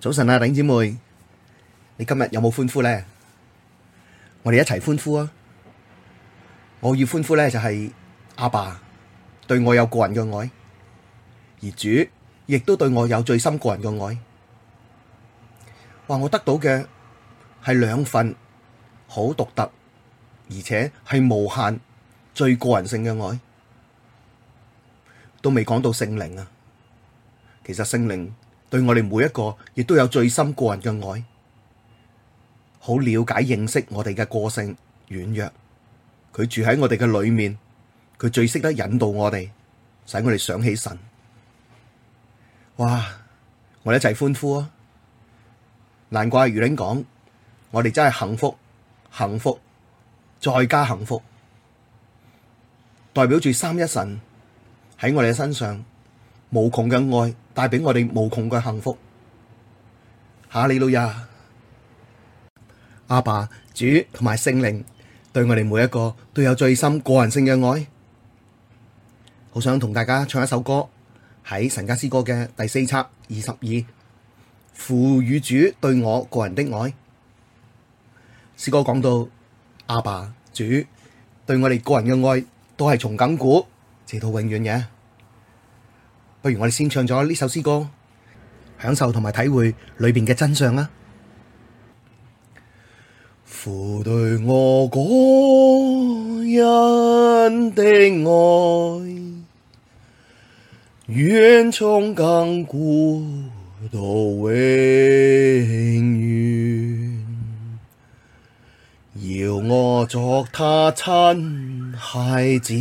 早晨啊，頂姐妹，你今日有冇歡呼咧？我哋一齊歡呼啊！我要歡呼咧，就係阿爸對我有個人嘅愛，而主亦都對我有最深個人嘅愛。話，我得到嘅係兩份好獨特，而且係無限最個人性嘅愛，都未講到聖靈啊！其實聖靈。對我哋每一個，亦都有最深個人嘅愛，好了解認識我哋嘅個性軟弱，佢住喺我哋嘅裏面，佢最識得引導我哋，使我哋想起神。哇！我哋一齊歡呼啊！難怪余玲講，我哋真係幸福，幸福，再加幸福，代表住三一神喺我哋嘅身上。無窮嘅愛帶俾我哋無窮嘅幸福，哈利路亞，阿爸、主同埋聖靈對我哋每一個都有最深個人性嘅愛。好想同大家唱一首歌，喺神家詩歌嘅第四冊二十二，父與主對我個人的愛。詩歌講到阿爸、主對我哋個人嘅愛都係從亙古直到永遠嘅。不如我哋先唱咗呢首詩歌，享受同埋體會裏面嘅真相啦。父對我個人的愛，遠從亙古到永遠，要我作他親孩子。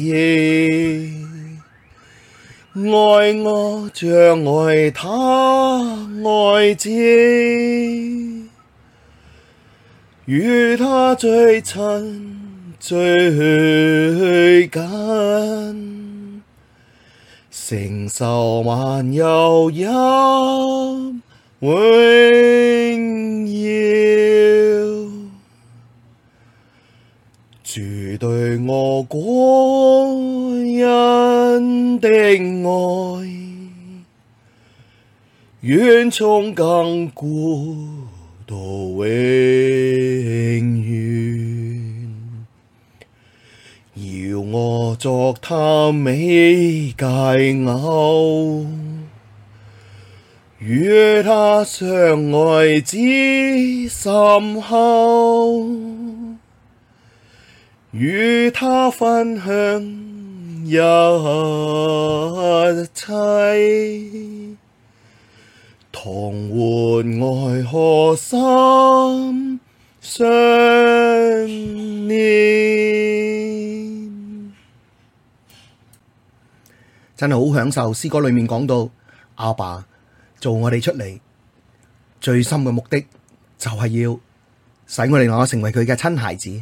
愛我像愛他，愛子與他最親最近，承受萬有入。主對我個人的愛，遠從亙古到永遠，要我作他美佳偶，與他相愛至深厚。與他分享一切，同活愛河心相連。真係好享受。詩歌裏面講到，阿爸，爸做我哋出嚟，最深嘅目的就係要使我哋我成為佢嘅親孩子。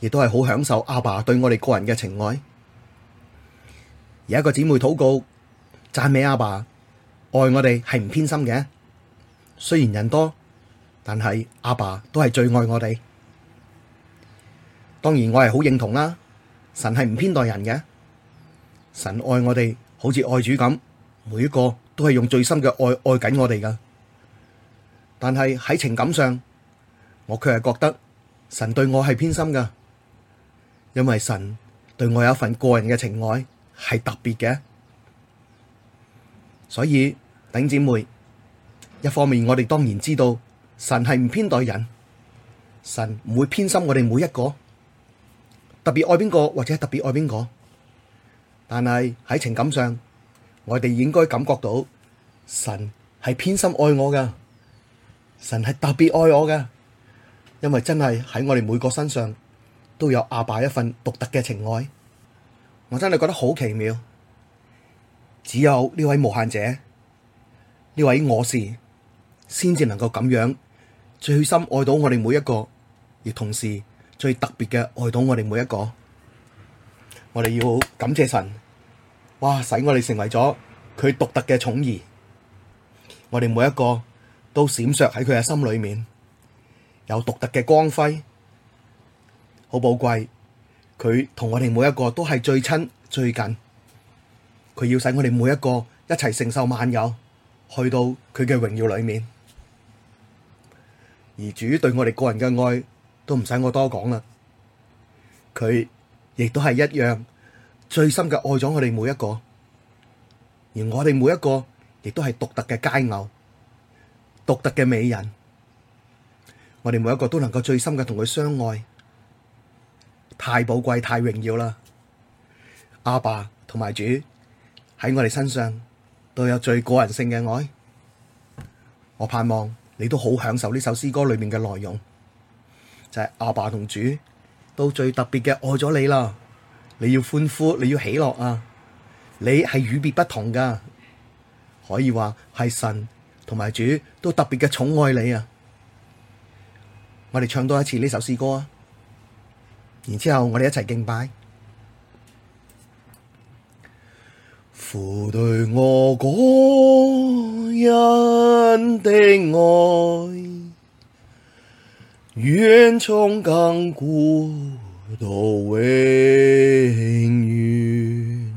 亦都係好享受阿爸對我哋個人嘅情愛。而一個姊妹禱告讚美阿爸，愛我哋係唔偏心嘅。雖然人多，但係阿爸都係最愛我哋。當然我係好認同啦，神係唔偏待人嘅。神愛我哋好似愛主咁，每一個都係用最深嘅愛愛緊我哋噶。但係喺情感上，我卻係覺得神對我係偏心噶。因為神對我有一份個人嘅情愛係特別嘅，所以頂姐妹，一方面我哋當然知道神係唔偏待人，神唔會偏心我哋每一個，特別愛邊個或者特別愛邊個，但係喺情感上，我哋應該感覺到神係偏心愛我嘅，神係特別愛我嘅，因為真係喺我哋每個身上。都有阿爸，爸一份獨特嘅情愛，我真係覺得好奇妙。只有呢位無限者，呢位我是，先至能夠咁樣最深愛到我哋每一個，而同時最特別嘅愛到我哋每一個。我哋要感謝神，哇！使我哋成為咗佢獨特嘅寵兒。我哋每一個都閃爍喺佢嘅心裏面，有獨特嘅光輝。好寶貴，佢同我哋每一個都係最親最近，佢要使我哋每一個一齊承受萬有，去到佢嘅榮耀裏面。而主對我哋個人嘅愛都唔使我多講啦，佢亦都係一樣最深嘅愛咗我哋每一個，而我哋每一個亦都係獨特嘅佳偶，獨特嘅美人，我哋每一個都能夠最深嘅同佢相愛。太寶貴、太榮耀啦！阿爸同埋主喺我哋身上都有最個人性嘅愛，我盼望你都好享受呢首詩歌裏面嘅內容，就係阿爸同主都最特別嘅愛咗你啦！你要歡呼，你要喜樂啊！你係與別不同噶，可以話係神同埋主都特別嘅寵愛你啊！我哋唱多一次呢首詩歌啊！然之後，我哋一齊敬拜。父對我個人的愛，遠從亙古到永遠，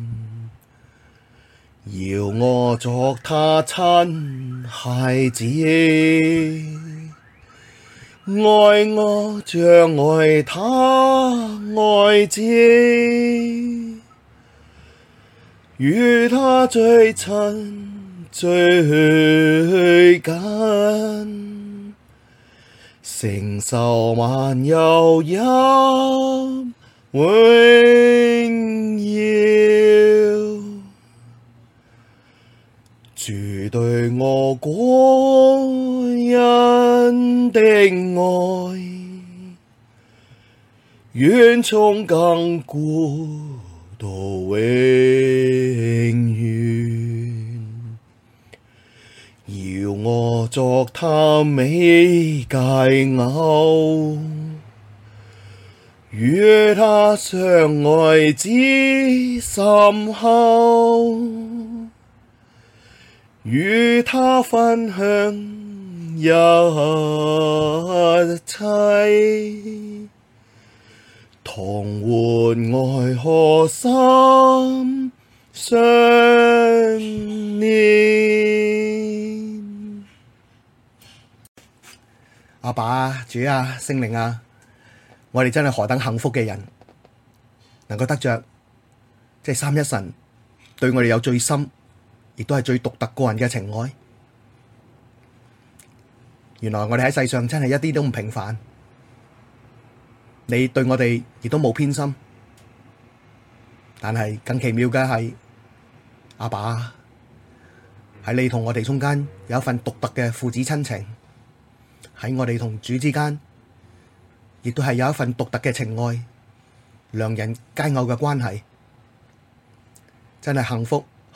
要我作他親孩子，愛我像愛他，愛子與他最親最近，承受萬有入榮耀。主對我個人的愛，遠從亙古到永遠，要我作他美佳偶，與他相愛至深厚。與他分享一切，同活愛河心相連。阿爸，爸、主啊、聖靈啊，我哋真係何等幸福嘅人，能夠得着即係三一神對我哋有最深。亦都係最獨特個人嘅情愛。原來我哋喺世上真係一啲都唔平凡。你對我哋亦都冇偏心，但係更奇妙嘅係阿爸喺你同我哋中間有一份獨特嘅父子親情，喺我哋同主之間亦都係有一份獨特嘅情愛，良人佳偶嘅關係，真係幸福。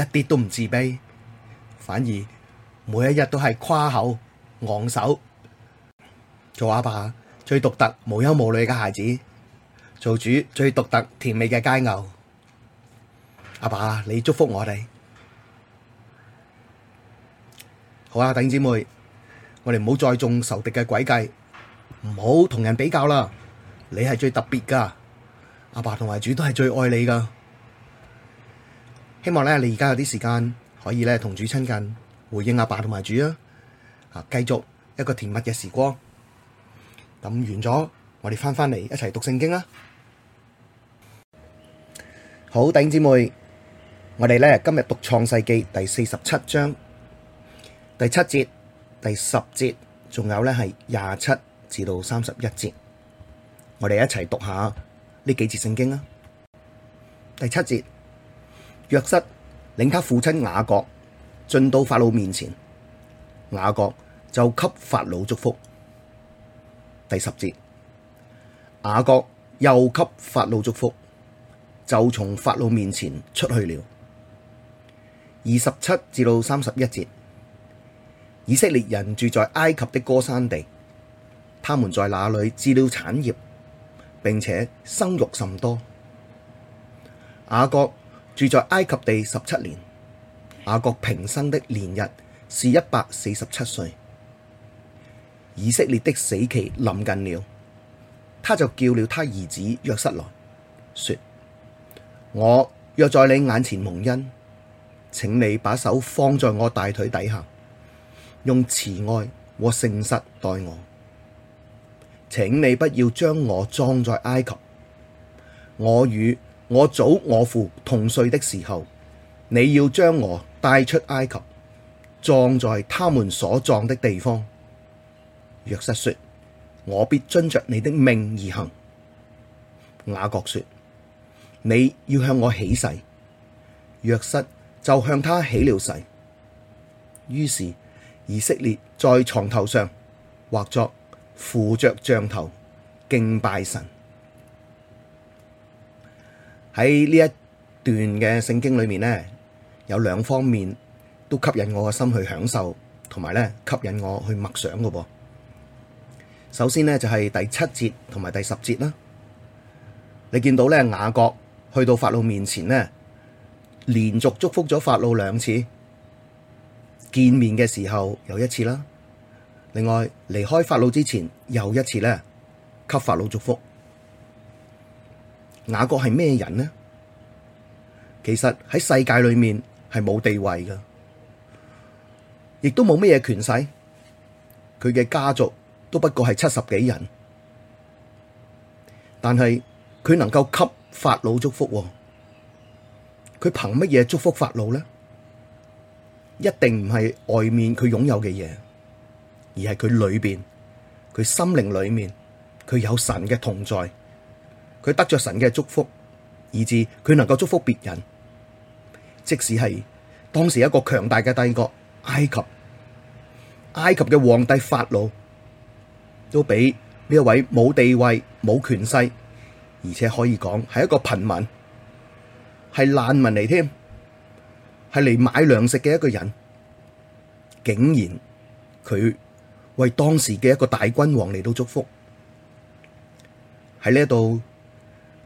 一啲都唔自卑，反而每一日都係誇口、昂首，做阿爸，爸最獨特、無憂無慮嘅孩子，做主最獨特、甜美嘅佳偶。阿爸，爸，你祝福我哋好啊！弟兄姊妹，我哋唔好再中仇敵嘅詭計，唔好同人比較啦。你係最特別噶，阿爸同埋主都係最愛你噶。希望咧，你而家有啲時間可以咧同主親近，回應阿爸同埋主啊！啊，繼續一個甜蜜嘅時光。咁完咗，我哋翻返嚟一齊讀聖經啦。好，弟兄姊妹，我哋咧今日讀創世記第四十七章第七節、第十節，仲有咧係廿七至到三十一節，我哋一齊讀下呢幾節聖經啊。第七節。約瑟領他父親雅各進到法老面前，雅各就給法老祝福。第十節，雅各又給法老祝福，就從法老面前出去了。二十七至到三十一節，以色列人住在埃及的歌珊地，他們在那裡置了產業，並且生育甚多。雅各。住在埃及地十七年，雅各平生的年日是一百四十七歲。以色列的死期臨近了，他就叫了他兒子約瑟來，說：我若在你眼前蒙恩，請你把手放在我大腿底下，用慈愛和誠實待我。請你不要將我葬在埃及，我與我祖我父同睡的時候，你要將我帶出埃及，葬在他們所葬的地方。約瑟說：我必遵着你的命而行。雅各說：你要向我起誓。約瑟就向他起了誓。於是以色列在床頭上或作扶着杖頭敬拜神。喺呢一段嘅聖經裏面呢，有兩方面都吸引我個心去享受，同埋呢吸引我去默想嘅。首先呢，就係第七節同埋第十節啦。你見到呢雅各，去到法老面前呢，連續祝福咗法老兩次。見面嘅時候有一次啦，另外離開法老之前又一次呢，給法老祝福。雅各係咩人呢？其實喺世界裏面係冇地位噶亦都冇乜嘢權勢。佢嘅家族都不過係七十幾人，但係佢能夠給法老祝福，哦，佢憑乜嘢祝福法老呢？一定唔係外面佢擁有嘅嘢，而係佢裏邊，佢心靈裏面，佢有神嘅同在。佢得着神嘅祝福，以至佢能夠祝福別人。即使係當時一個強大嘅帝國埃及，埃及嘅皇帝法老都俾呢一位冇地位、冇權勢，而且可以講係一個貧民，係難民嚟添，係嚟買糧食嘅一個人，竟然佢為當時嘅一個大君王嚟到祝福喺呢一度。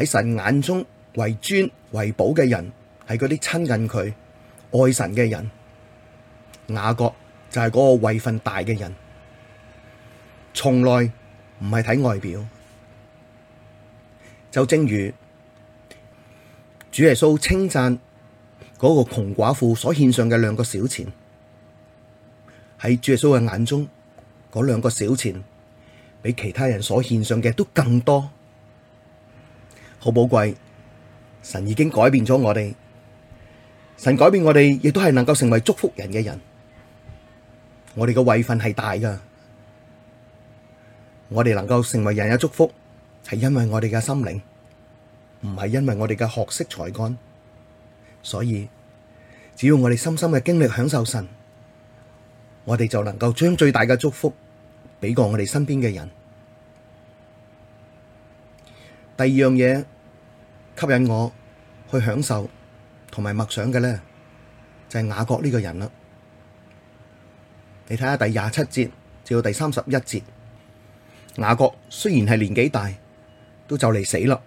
喺神眼中為尊為寶嘅人，係嗰啲親近佢、愛神嘅人。雅各就係嗰個位分大嘅人，從來唔係睇外表。就正如主耶穌稱讚嗰個窮寡婦所獻上嘅兩個小錢，喺主耶穌嘅眼中，嗰兩個小錢比其他人所獻上嘅都更多。好寶貴，神已經改變咗我哋，神改變我哋亦都係能夠成為祝福人嘅人，我哋嘅位份係大噶，我哋能夠成為人嘅祝福，係因為我哋嘅心靈，唔係因為我哋嘅學識才幹，所以只要我哋深深嘅經歷享受神，我哋就能夠將最大嘅祝福俾過我哋身邊嘅人。第二樣嘢吸引我去享受同埋默想嘅咧，就係、是、雅各呢個人啦。你睇下第廿七節至到第三十一節，雅各雖然係年紀大都就嚟死啦，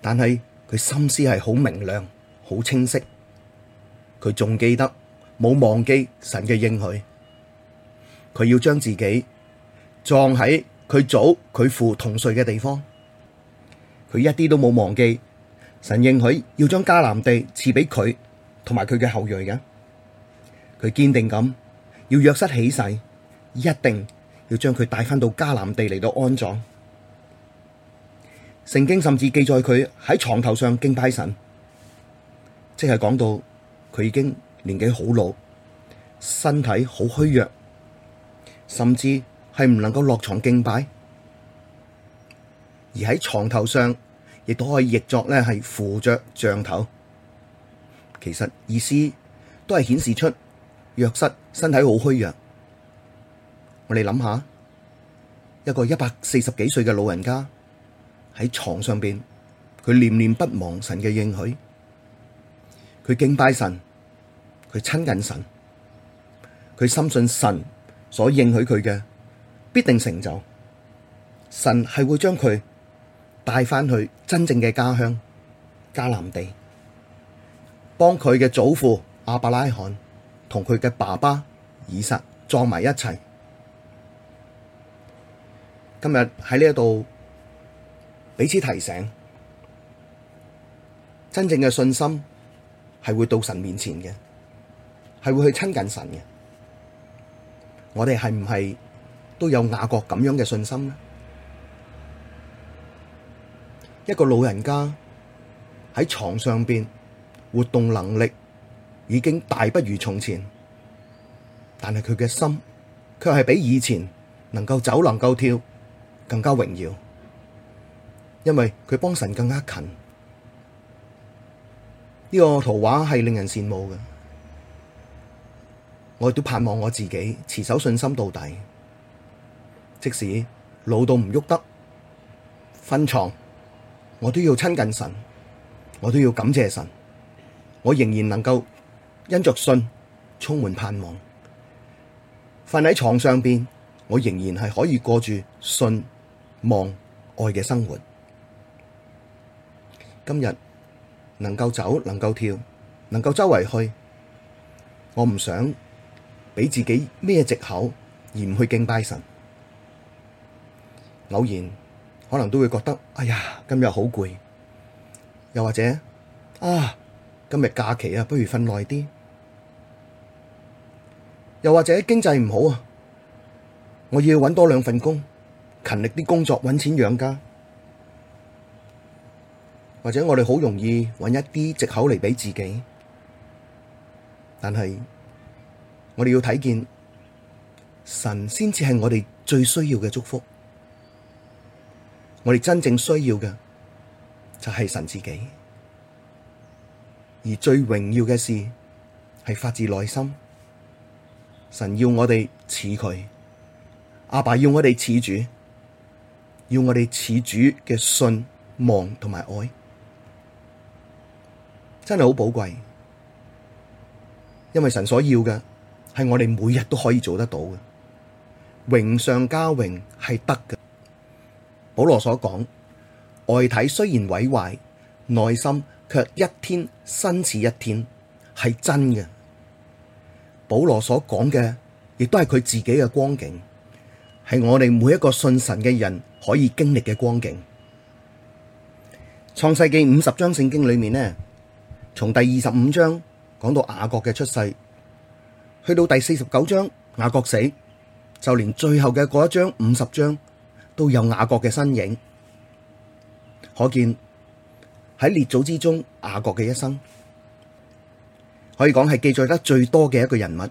但係佢心思係好明亮、好清晰，佢仲記得冇忘記神嘅應許，佢要將自己葬喺佢祖佢父同睡嘅地方。佢一啲都冇忘記，神應許佢要將迦南地賜畀佢同埋佢嘅後裔嘅。佢堅定咁要約瑟起誓，一定要將佢帶返到迦南地嚟到安葬。聖經甚至記載佢喺床頭上敬拜神，即係講到佢已經年紀好老，身體好虛弱，甚至係唔能夠落床敬拜。而喺床頭上，亦都可以譯作呢係扶着杖頭。其實意思都係顯示出約瑟身體好虛弱。我哋諗下，一個一百四十幾歲嘅老人家喺床上邊，佢念念不忘神嘅應許，佢敬拜神，佢親近神，佢深信神所應許佢嘅必定成就，神係會將佢。帶翻去真正嘅家鄉迦南地，幫佢嘅祖父亞伯拉罕同佢嘅爸爸以撒葬埋一齊。今日喺呢一度彼此提醒，真正嘅信心係會到神面前嘅，係會去親近神嘅。我哋係唔係都有雅各咁樣嘅信心呢？一個老人家喺床上邊，活動能力已經大不如從前，但係佢嘅心卻係比以前能夠走、能夠跳更加榮耀，因為佢幫神更加近。呢、這個圖畫係令人羨慕嘅，我亦都盼望我自己持守信心到底，即使老到唔喐得瞓床。我都要親近神，我都要感謝神，我仍然能夠因着信充滿盼望。瞓喺床上邊，我仍然係可以過住信望愛嘅生活。今日能夠走，能夠跳，能夠周圍去，我唔想俾自己咩借口而唔去敬拜神。偶然。可能都會覺得哎呀，今日好攰，又或者啊，今日假期啊，不如瞓耐啲，又或者經濟唔好啊，我要搵多兩份工，勤力啲工作搵錢養家，或者我哋好容易搵一啲藉口嚟俾自己，但係我哋要睇見，神先至係我哋最需要嘅祝福。我哋真正需要嘅就係神自己，而最榮耀嘅事係發自內心。神要我哋似佢，阿爸要我哋似主，要我哋似主嘅信望同埋愛，真係好寶貴。因為神所要嘅係我哋每日都可以做得到嘅，榮上加榮係得嘅。保羅所講，外體雖然毀壞，內心卻一天新似一天，係真嘅。保羅所講嘅，亦都係佢自己嘅光景，係我哋每一個信神嘅人可以經歷嘅光景。創世記五十章聖經裏面呢，從第二十五章，講到雅各嘅出世，去到第四十九章雅各死，就連最後嘅嗰一章五十章。都有雅各嘅身影，可見喺列祖之中，雅各嘅一生可以講係記載得最多嘅一個人物。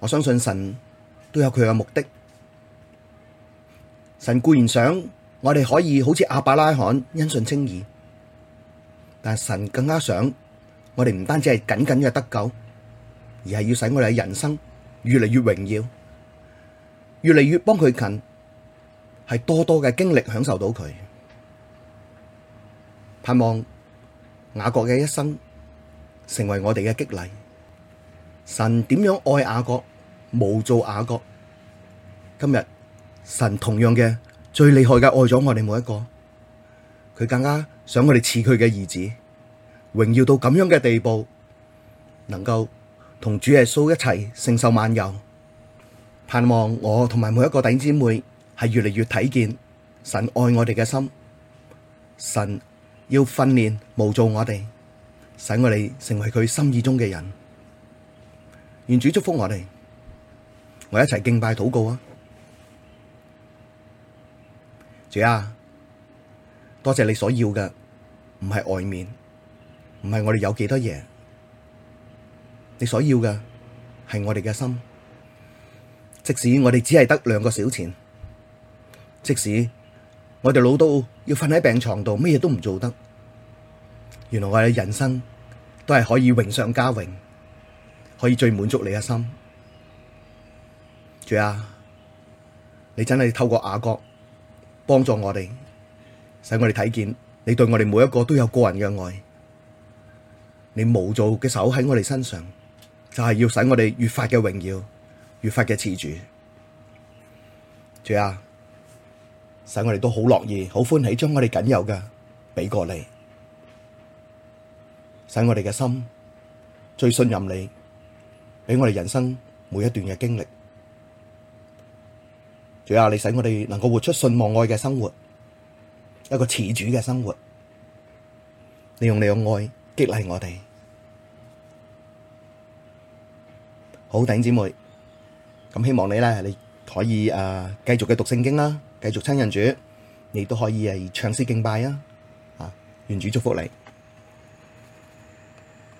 我相信神都有佢嘅目的，神固然想我哋可以好似亞伯拉罕因信稱義，但神更加想我哋唔單止係僅僅嘅得救，而係要使我哋嘅人生越嚟越榮耀，越嚟越幫佢近。係多多嘅經歷享受到佢，盼望雅各嘅一生成為我哋嘅激勵。神點樣愛雅各，無造雅各。今日神同樣嘅最厲害嘅愛咗我哋每一個，佢更加想我哋似佢嘅兒子，榮耀到咁樣嘅地步，能夠同主耶穌一齊承受萬有。盼望我同埋每一個弟兄姊妹，係越嚟越睇見神愛我哋嘅心，神要訓練、模造我哋，使我哋成為佢心意中嘅人。願主祝福我哋，我一齊敬拜禱告啊！主啊，多謝你所要嘅，唔係外面，唔係我哋有幾多嘢，你所要嘅係我哋嘅心，即使我哋只係得兩個小錢。即使我哋老到要瞓喺病床度，乜嘢都唔做得，原來我哋人生都係可以榮上加榮，可以最滿足你嘅心。主啊，你真係透過雅各幫助我哋，使我哋睇見你對我哋每一個都有個人嘅愛。你無做嘅手喺我哋身上，就係、是、要使我哋越發嘅榮耀，越發嘅賜住。主啊！使我哋都好樂意、好歡喜，將我哋僅有嘅俾過你，使我哋嘅心最信任你，俾我哋人生每一段嘅經歷。仲有，你使我哋能夠活出信望愛嘅生活，一個慈主嘅生活。利用你嘅愛激勵我哋。好，弟兄姊妹，咁希望你咧，你可以誒繼續嘅讀聖經啦。繼續親人主，你都可以係唱詩敬拜啊！啊，願主祝福你。